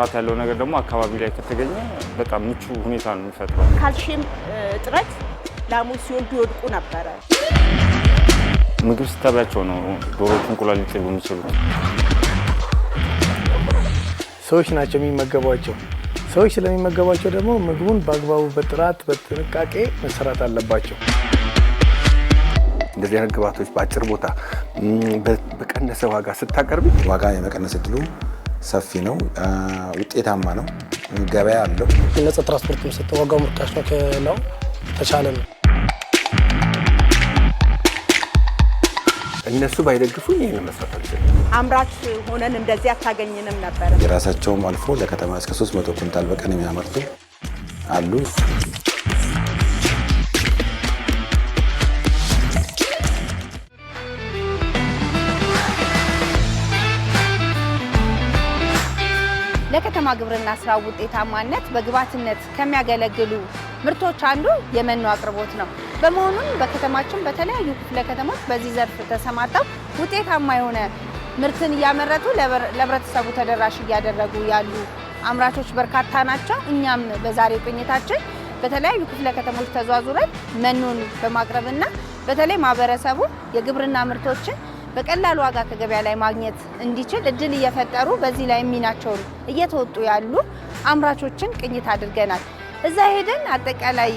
ጥራት ያለው ነገር ደግሞ አካባቢ ላይ ከተገኘ በጣም ምቹ ሁኔታ ነው የሚፈጥረው። ካልሽም እጥረት ላሞች ሲወልዱ ይወድቁ ነበረ። ምግብ ስታቢያቸው ነው ዶሮች እንቁላል ሊጥሉ የሚችሉት። ሰዎች ናቸው የሚመገቧቸው። ሰዎች ስለሚመገቧቸው ደግሞ ምግቡን በአግባቡ በጥራት በጥንቃቄ መሰራት አለባቸው። እንደዚህ አይነት ግብዓቶች በአጭር ቦታ በቀነሰ ዋጋ ስታቀርቢ ዋጋ የመቀነስ እድሉ ሰፊ ነው፣ ውጤታማ ነው፣ ገበያ አለው። ነጻ ትራንስፖርት የሚሰጠው ዋጋው ምርካሽ ነው። ከላው ተቻለ ነው። እነሱ ባይደግፉ ይህን መስራት አልችልም። አምራች ሆነን እንደዚህ አታገኝንም ነበር። የራሳቸውም አልፎ ለከተማ እስከ 300 ኩንታል በቀን የሚያመርቱ አሉ። ለከተማ ግብርና ስራ ውጤታማነት በግብዓትነት ከሚያገለግሉ ምርቶች አንዱ የመኖ አቅርቦት ነው። በመሆኑም በከተማችን በተለያዩ ክፍለ ከተሞች በዚህ ዘርፍ ተሰማርተው ውጤታማ የሆነ ምርትን እያመረቱ ለህብረተሰቡ ተደራሽ እያደረጉ ያሉ አምራቾች በርካታ ናቸው። እኛም በዛሬው ቅኝታችን በተለያዩ ክፍለ ከተሞች ተዟዙረን መኖን በማቅረብና በተለይ ማህበረሰቡ የግብርና ምርቶችን በቀላል ዋጋ ከገበያ ላይ ማግኘት እንዲችል እድል እየፈጠሩ በዚህ ላይ ሚናቸውን እየተወጡ ያሉ አምራቾችን ቅኝት አድርገናል። እዛ ሄደን አጠቃላይ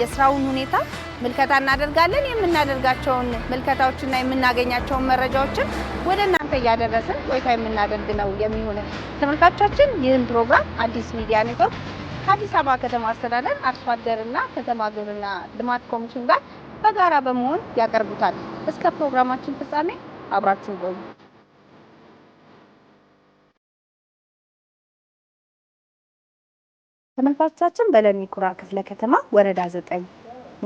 የስራውን ሁኔታ ምልከታ እናደርጋለን። የምናደርጋቸውን ምልከታዎችና የምናገኛቸውን መረጃዎችን ወደ እናንተ እያደረስን ቆይታ የምናደርግ ነው የሚሆነ ተመልካቾቻችን። ይህን ፕሮግራም አዲስ ሚዲያ ኔትወርክ ከአዲስ አበባ ከተማ አስተዳደር አርሶ አደርና ከተማ ግብርና ልማት ኮሚሽን ጋር በጋራ በመሆን ያቀርቡታል። እስከ ፕሮግራማችን ፍጻሜ አብራችሁን ቆዩ። ተመልካቾቻችን በለሚ ኩራ ክፍለ ከተማ ወረዳ ዘጠኝ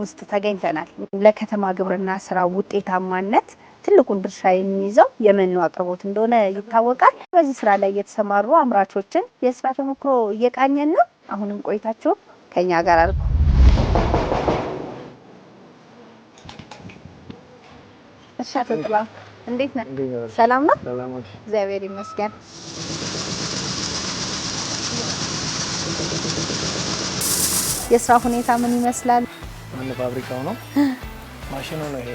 ውስጥ ተገኝተናል። ለከተማ ግብርና ስራ ውጤታማነት ትልቁን ድርሻ የሚይዘው የመኖ አቅርቦት እንደሆነ ይታወቃል። በዚህ ስራ ላይ የተሰማሩ አምራቾችን የስራ ተሞክሮ እየቃኘን ነው። አሁንም ቆይታችሁ ከኛ ጋር አድርጉ። እሺ፣ አቶ እንዴት ነህ? ሰላም ነው? እግዚአብሔር ይመስገን። የስራ ሁኔታ ምን ይመስላል? ምን ፋብሪካው ነው ማሽኑ ነው ይሄ።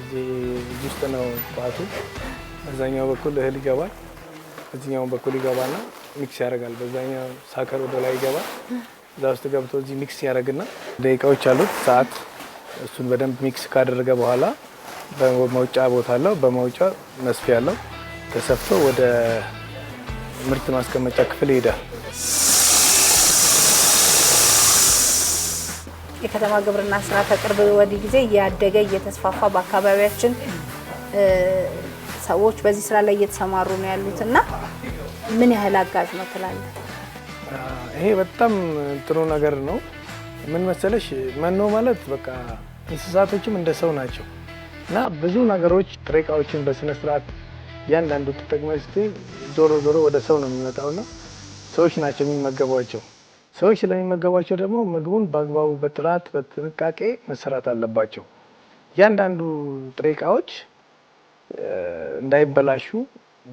እዚህ ውስጥ ነው ቋቱ። በዛኛው በኩል እህል ይገባል፣ በዚኛው በኩል ይገባና ሚክስ ያደርጋል። በዛኛው ሳከር ወደ ላይ ይገባል። እዛ ውስጥ ገብቶ እዚህ ሚክስ ያደርግና ደቂቃዎች አሉት ሰዓት። እሱን በደንብ ሚክስ ካደረገ በኋላ በመውጫ ቦታ አለው። በመውጫ መስፊያ አለው ተሰፍቶ ወደ ምርት ማስቀመጫ ክፍል ይሄዳል። የከተማ ግብርና ስራ ከቅርብ ወዲህ ጊዜ እያደገ እየተስፋፋ በአካባቢያችን ሰዎች በዚህ ስራ ላይ እየተሰማሩ ነው ያሉት እና ምን ያህል አጋዥ ነው ትላለህ? ይሄ በጣም ጥሩ ነገር ነው። ምን መሰለሽ መኖ ማለት በቃ እንስሳቶችም እንደ ሰው ናቸው። እና ብዙ ነገሮች ጥሬ እቃዎችን በስነ ስርዓት እያንዳንዱ ተጠቅመህ ዞሮ ዞሮ ወደ ሰው ነው የሚመጣውና ሰዎች ናቸው የሚመገቧቸው። ሰዎች ስለሚመገቧቸው ደግሞ ምግቡን በአግባቡ በጥራት በጥንቃቄ መሰራት አለባቸው። እያንዳንዱ ጥሬ እቃዎች እንዳይበላሹ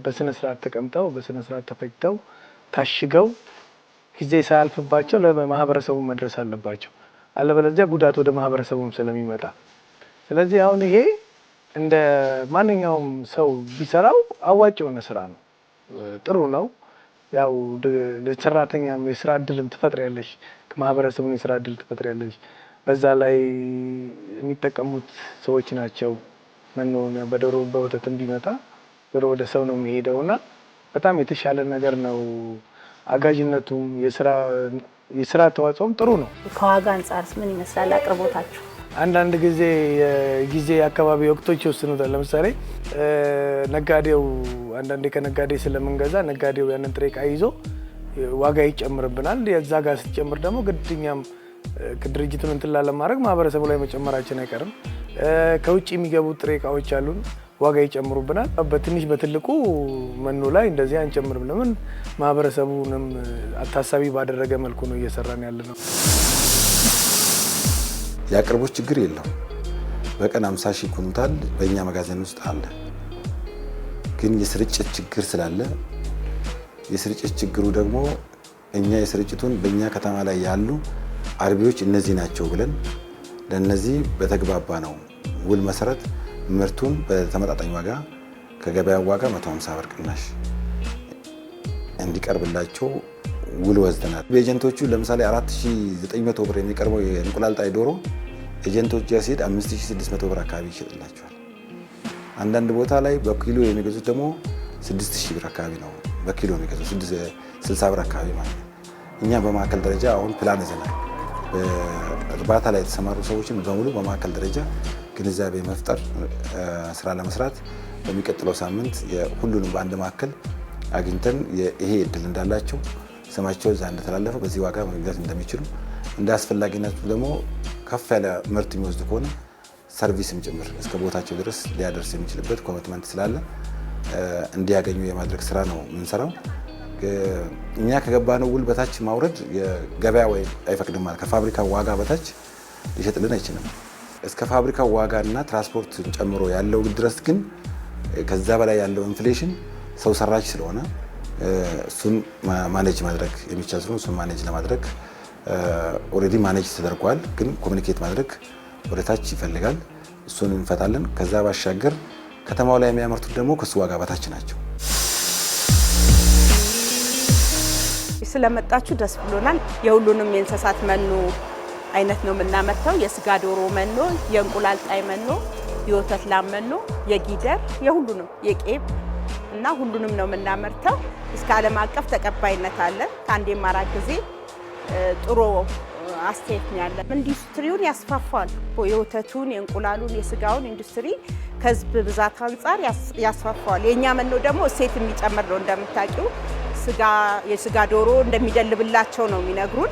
በስነ ስርዓት ተቀምጠው በስነ ስርዓት ተፈጭተው ታሽገው ጊዜ ሳያልፍባቸው ለማህበረሰቡ መድረስ አለባቸው። አለበለዚያ ጉዳት ወደ ማህበረሰቡም ስለሚመጣ ስለዚህ አሁን ይሄ እንደ ማንኛውም ሰው ቢሰራው አዋጭ የሆነ ስራ ነው። ጥሩ ነው። ያው ሰራተኛ የስራ እድልም ትፈጥሪያለሽ፣ ማህበረሰቡን የስራ እድል ትፈጥሪያለሽ። በዛ ላይ የሚጠቀሙት ሰዎች ናቸው። መኖ በዶሮ በወተት ቢመጣ ዶሮ ወደ ሰው ነው የሚሄደው እና በጣም የተሻለ ነገር ነው። አጋዥነቱም የስራ ተዋጽኦም ጥሩ ነው። ከዋጋ አንጻርስ ምን ይመስላል አቅርቦታችሁ? አንዳንድ ጊዜ ጊዜ አካባቢ ወቅቶች ይወስኑታል። ለምሳሌ ነጋዴው አንዳንዴ ከነጋዴ ስለምንገዛ ነጋዴው ያንን ጥሬ ዕቃ ይዞ ዋጋ ይጨምርብናል። የዛ ጋር ስትጨምር ደግሞ ግድኛም ድርጅቱን እንትላ ለማድረግ ማህበረሰቡ ላይ መጨመራችን አይቀርም። ከውጭ የሚገቡ ጥሬ ዕቃዎች አሉን፣ ዋጋ ይጨምሩብናል። በትንሽ በትልቁ መኖ ላይ እንደዚህ አንጨምርም። ለምን ማህበረሰቡንም ታሳቢ ባደረገ መልኩ ነው እየሰራን ያለ ነው። የአቅርቦት ችግር የለም። በቀን 50 ሺህ ኩንታል በእኛ መጋዘን ውስጥ አለ። ግን የስርጭት ችግር ስላለ የስርጭት ችግሩ ደግሞ እኛ የስርጭቱን በእኛ ከተማ ላይ ያሉ አርቢዎች እነዚህ ናቸው ብለን ለእነዚህ በተግባባ ነው ውል መሰረት ምርቱን በተመጣጣኝ ዋጋ ከገበያ ዋጋ 150 ብር ቅናሽ እንዲቀርብላቸው ውል ወስደናል። ኤጀንቶቹ ለምሳሌ 4900 ብር የሚቀርበው የእንቁላል ጣይ ዶሮ ኤጀንቶች ጋር ሲሄድ 5600 ብር አካባቢ ይሸጥላቸዋል። አንዳንድ ቦታ ላይ በኪሎ የሚገዙት ደግሞ 6000 ብር አካባቢ ነው። በኪሎ የሚገዙት 60 ብር አካባቢ ማለት ነው። እኛ በማዕከል ደረጃ አሁን ፕላን ይዘናል። እርባታ ላይ የተሰማሩ ሰዎችን በሙሉ በማዕከል ደረጃ ግንዛቤ መፍጠር ስራ ለመስራት በሚቀጥለው ሳምንት ሁሉንም በአንድ ማዕከል አግኝተን ይሄ እድል እንዳላቸው ስማቸው እዛ እንደተላለፈ በዚህ ዋጋ መግዛት እንደሚችሉ እንደ አስፈላጊነቱ ደግሞ ከፍ ያለ ምርት የሚወስድ ከሆነ ሰርቪስም ጭምር እስከ ቦታቸው ድረስ ሊያደርስ የሚችልበት ኮሚትመንት ስላለ እንዲያገኙ የማድረግ ስራ ነው የምንሰራው። እኛ ከገባነው ውል በታች ማውረድ የገበያ ወይ አይፈቅድም። ከፋብሪካ ዋጋ በታች ሊሸጥልን አይችልም። እስከ ፋብሪካ ዋጋና ትራንስፖርት ጨምሮ ያለው ድረስ ግን ከዛ በላይ ያለው ኢንፍሌሽን ሰው ሰራች ስለሆነ እሱን ማኔጅ ማድረግ የሚቻል ስለሆነ እሱን ማኔጅ ለማድረግ ኦልሬዲ ማኔጅ ተደርጓል። ግን ኮሚኒኬት ማድረግ ወደታች ይፈልጋል። እሱን እንፈታለን። ከዛ ባሻገር ከተማው ላይ የሚያመርቱት ደግሞ ከሱ ዋጋ በታች ናቸው። ስለመጣችሁ ደስ ብሎናል። የሁሉንም የእንስሳት መኖ አይነት ነው የምናመርተው። የስጋ ዶሮ መኖ፣ የእንቁላል ጣይ መኖ፣ የወተት ላም መኖ፣ የጊደር የሁሉንም የቄብ እና ሁሉንም ነው የምናመርተው። እስከ ዓለም አቀፍ ተቀባይነት አለን። ከአንዴ ማራ ጊዜ ጥሩ አስተያየት ነው ያለ። ኢንዱስትሪውን ያስፋፋል። የወተቱን፣ የእንቁላሉን፣ የስጋውን ኢንዱስትሪ ከህዝብ ብዛት አንጻር ያስፋፋዋል። የእኛ መኖ ደግሞ እሴት የሚጨምር ነው እንደምታውቂው ስጋ የስጋ ዶሮ እንደሚደልብላቸው ነው የሚነግሩን።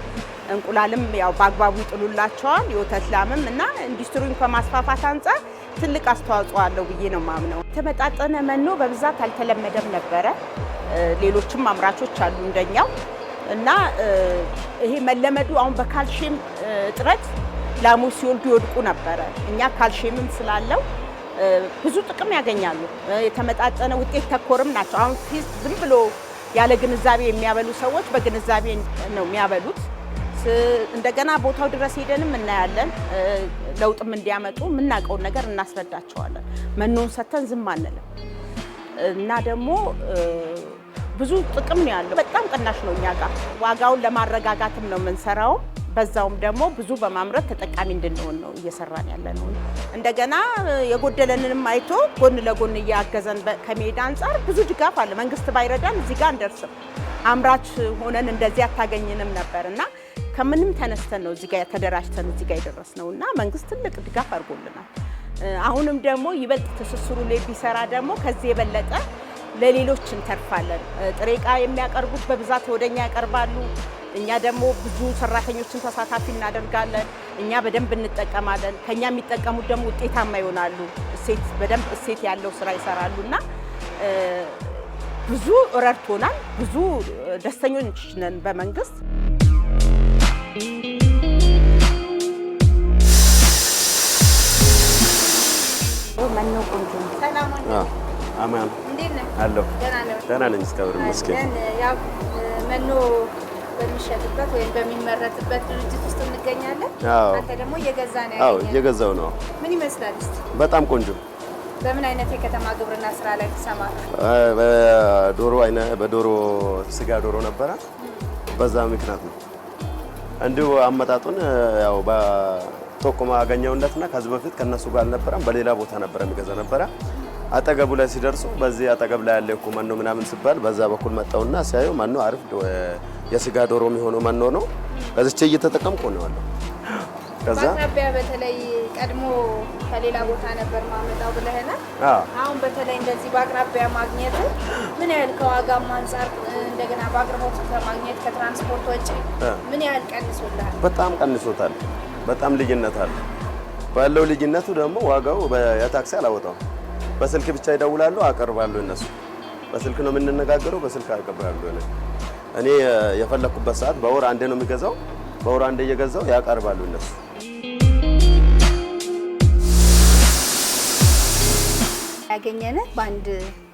እንቁላልም ያው በአግባቡ ይጥሉላቸዋል። የወተት ላምም እና ኢንዱስትሪውን ከማስፋፋት አንጻር ትልቅ አስተዋጽኦ አለው ብዬ ነው ማምነው። የተመጣጠነ መኖ በብዛት አልተለመደም ነበረ። ሌሎችም አምራቾች አሉ እንደኛው እና ይሄ መለመዱ አሁን በካልሽየም እጥረት ላሞች ሲወልዱ ይወድቁ ነበረ። እኛ ካልሽየምም ስላለው ብዙ ጥቅም ያገኛሉ። የተመጣጠነ ውጤት ተኮርም ናቸው። አሁን ፊስ ዝም ብሎ ያለ ግንዛቤ የሚያበሉ ሰዎች በግንዛቤ ነው የሚያበሉት። እንደገና ቦታው ድረስ ሄደንም እናያለን። ለውጥም እንዲያመጡ የምናውቀውን ነገር እናስረዳቸዋለን። መኖን ሰተን ዝም አንልም እና ደግሞ ብዙ ጥቅም ነው ያለው። በጣም ቅናሽ ነው እኛ ጋር። ዋጋውን ለማረጋጋትም ነው የምንሰራው። በዛውም ደግሞ ብዙ በማምረት ተጠቃሚ እንድንሆን ነው እየሰራን ያለ ነው። እንደገና የጎደለንንም አይቶ ጎን ለጎን እያገዘን ከመሄድ አንጻር ብዙ ድጋፍ አለ። መንግስት ባይረዳን እዚህ ጋር አንደርስም። አምራች ሆነን እንደዚህ አታገኝንም ነበር እና ከምንም ተነስተን ነው እዚጋ ተደራጅተን እዚጋ ጋር የደረስነው እና መንግስት ትልቅ ድጋፍ አድርጎልናል። አሁንም ደግሞ ይበልጥ ትስስሩ ላይ ቢሰራ ደግሞ ከዚህ የበለጠ ለሌሎች እንተርፋለን። ጥሬ እቃ የሚያቀርቡት በብዛት ወደኛ ያቀርባሉ። እኛ ደግሞ ብዙ ሰራተኞችን ተሳታፊ እናደርጋለን። እኛ በደንብ እንጠቀማለን። ከኛ የሚጠቀሙት ደግሞ ውጤታማ ይሆናሉ። እሴት በደንብ እሴት ያለው ስራ ይሰራሉ እና ብዙ ረድቶናል። ብዙ ደስተኞች ነን በመንግስት መኖ ቆንጆ አለሁ ደህና ነኝ። እስካብር መስገን መኖ በሚሸጥበት ወይም በሚመረጥበት ድርጅት ውስጥ እንገኛለን። አንተ ደግሞ እየገዛ ነው ያለው? እየገዛው ነው። ምን ይመስላል? በጣም ቆንጆ። በምን አይነት የከተማ ግብርና ስራ ላይ ተሰማራህ? በዶሮ አይነት በዶሮ ስጋ ዶሮ ነበረ። በዛ ምክንያት ነው እንዲሁ አመጣጡን ያው ቶኮማ አገኘውለትና ከዚህ በፊት ከነሱ ጋር አልነበረም፣ በሌላ ቦታ ነበረ የሚገዛ ነበረ። አጠገቡ ላይ ሲደርሱ በዚህ አጠገብ ላይ ያለ እኮ መኖ ምናምን ሲባል በዛ በኩል መጣውና ሲያዩ መኖ አሪፍ የስጋ ዶሮ የሚሆኑ መኖ ነው። ገዝቼ እየተጠቀምኩ ነው ያለው። ከዛ ማሳቢያ በተለይ ቀድሞ ከሌላ ቦታ ነበር ማመጣው ብለህና አሁን በተለይ እንደዚህ በአቅራቢያ ማግኘት ምን ያህል ከዋጋም አንጻር እንደገና በአቅርቦት ከማግኘት ከትራንስፖርት ወጪ ምን ያህል ቀንሶታል? በጣም ቀንሶታል። በጣም ልዩነት አለ። ባለው ልዩነቱ ደግሞ ዋጋው በታክሲ አላወጣው። በስልክ ብቻ ይደውላሉ፣ አቀርባሉ። እነሱ በስልክ ነው የምንነጋገረው፣ በስልክ አቀርባሉ። እኔ የፈለኩበት ሰዓት በወር አንዴ ነው የሚገዛው፣ በወር አንዴ እየገዛው ያቀርባሉ እነሱ። ያገኘነ በአንድ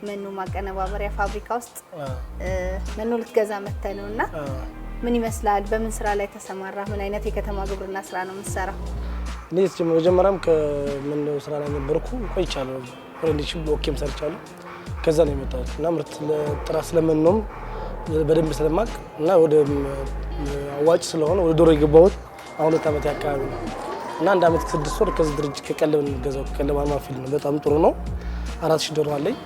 መኖ ማቀነባበሪያ ፋብሪካ ውስጥ መኖ ልትገዛ መተ ነው እና ምን ይመስላል? በምን ስራ ላይ ተሰማራ? ምን አይነት የከተማ ግብርና ስራ ነው የምትሰራው? እኔ መጀመሪያም ከምን ስራ ላይ ነበርኩ ቆይቻለሁ። ፍሬንድሺፕ ኦኬም ሰርቻለሁ። ከዛ ነው የመጣሁት እና ምርት ጥራት ስለምን በደንብ ስለማቅ እና ወደ አዋጭ ስለሆነ ወደ ዶሮ የገባሁት አሁን ሁለት ዓመት አካባቢ ነው እና አንድ ዓመት ስድስት ወር ከዚህ ድርጅት ከቀለብ እንገዛው ከቀለብ ፊልድ ነው። በጣም ጥሩ ነው። አራት ሺህ ዶሮ አለኝ።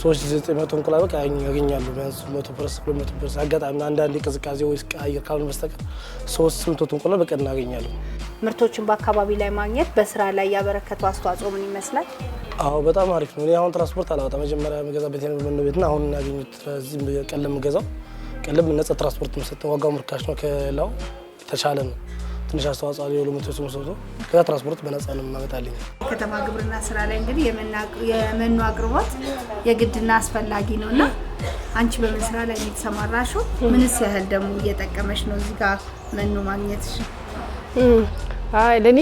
ሰዎች ዘጠኝ መቶ እንቁላል ያገኛሉ። ቢያንስ መቶ ፐርሰንት ሁለት መቶ ፐርሰንት አጋጣሚ አንዳንድ ቅዝቃዜ ወይ አየር ካልሆነ በስተቀር ሶስት ስምንት እንቁላል በቀን እናገኛለን። ምርቶችን በአካባቢ ላይ ማግኘት በስራ ላይ ያበረከተው አስተዋጽኦ ምን ይመስላል? አዎ በጣም አሪፍ ነው። እኔ አሁን ትራንስፖርት አላወጣም። መጀመሪያ የምገዛበት የነበረው ቤትና አሁን እናገኙት እዚህ ቀለም የምገዛው ቀለም ነጻ ትራንስፖርት የሚሰጠው ዋጋው ርካሽ ነው። ከሌላው የተሻለ ነው። ትንሽ አስተዋጽኦ አለው የሎሚቶች መሰብሰብ ከዛ ትራንስፖርት በነጻ ነው የማመጣልኝ። ከተማ ግብርና ስራ ላይ እንግዲህ የመኖ አቅርቦት የግድና አስፈላጊ ነው እና አንቺ በምን ስራ ላይ የተሰማራሹ? ምንስ ያህል ደግሞ እየጠቀመች ነው? እዚህ ጋር መኖ ማግኘት አይ ለእኔ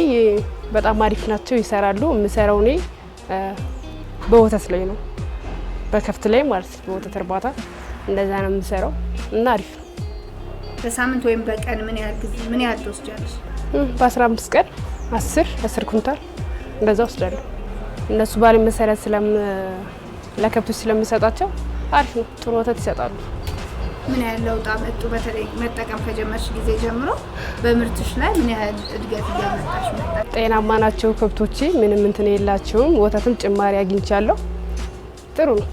በጣም አሪፍ ናቸው፣ ይሰራሉ። የምሰራው እኔ በወተት ላይ ነው፣ በከፍት ላይ ማለት በወተት እርባታ እንደዛ ነው የምሰራው እና አሪፍ ነው። በሳምንት ወይም በቀን ምን ያህል ጊዜ ምን ያህል ትወስጃለሽ? በ15 ቀን አስር አስር ኩንታል እንደዛ ወስዳለሁ። እነሱ ባለ መሰረት ስለም ለከብቶች ስለምሰጣቸው አሪፍ ነው፣ ጥሩ ወተት ይሰጣሉ። ምን ያህል ለውጥ አመጡ? በተለይ መጠቀም ከጀመርሽ ጊዜ ጀምሮ በምርትሽ ላይ ምን ያህል እድገት እያመጣሽ መጣ? ጤናማ ናቸው ከብቶቼ፣ ምንም እንትን የላቸውም። ወተትም ጭማሪ አግኝቻለሁ። ጥሩ ነው።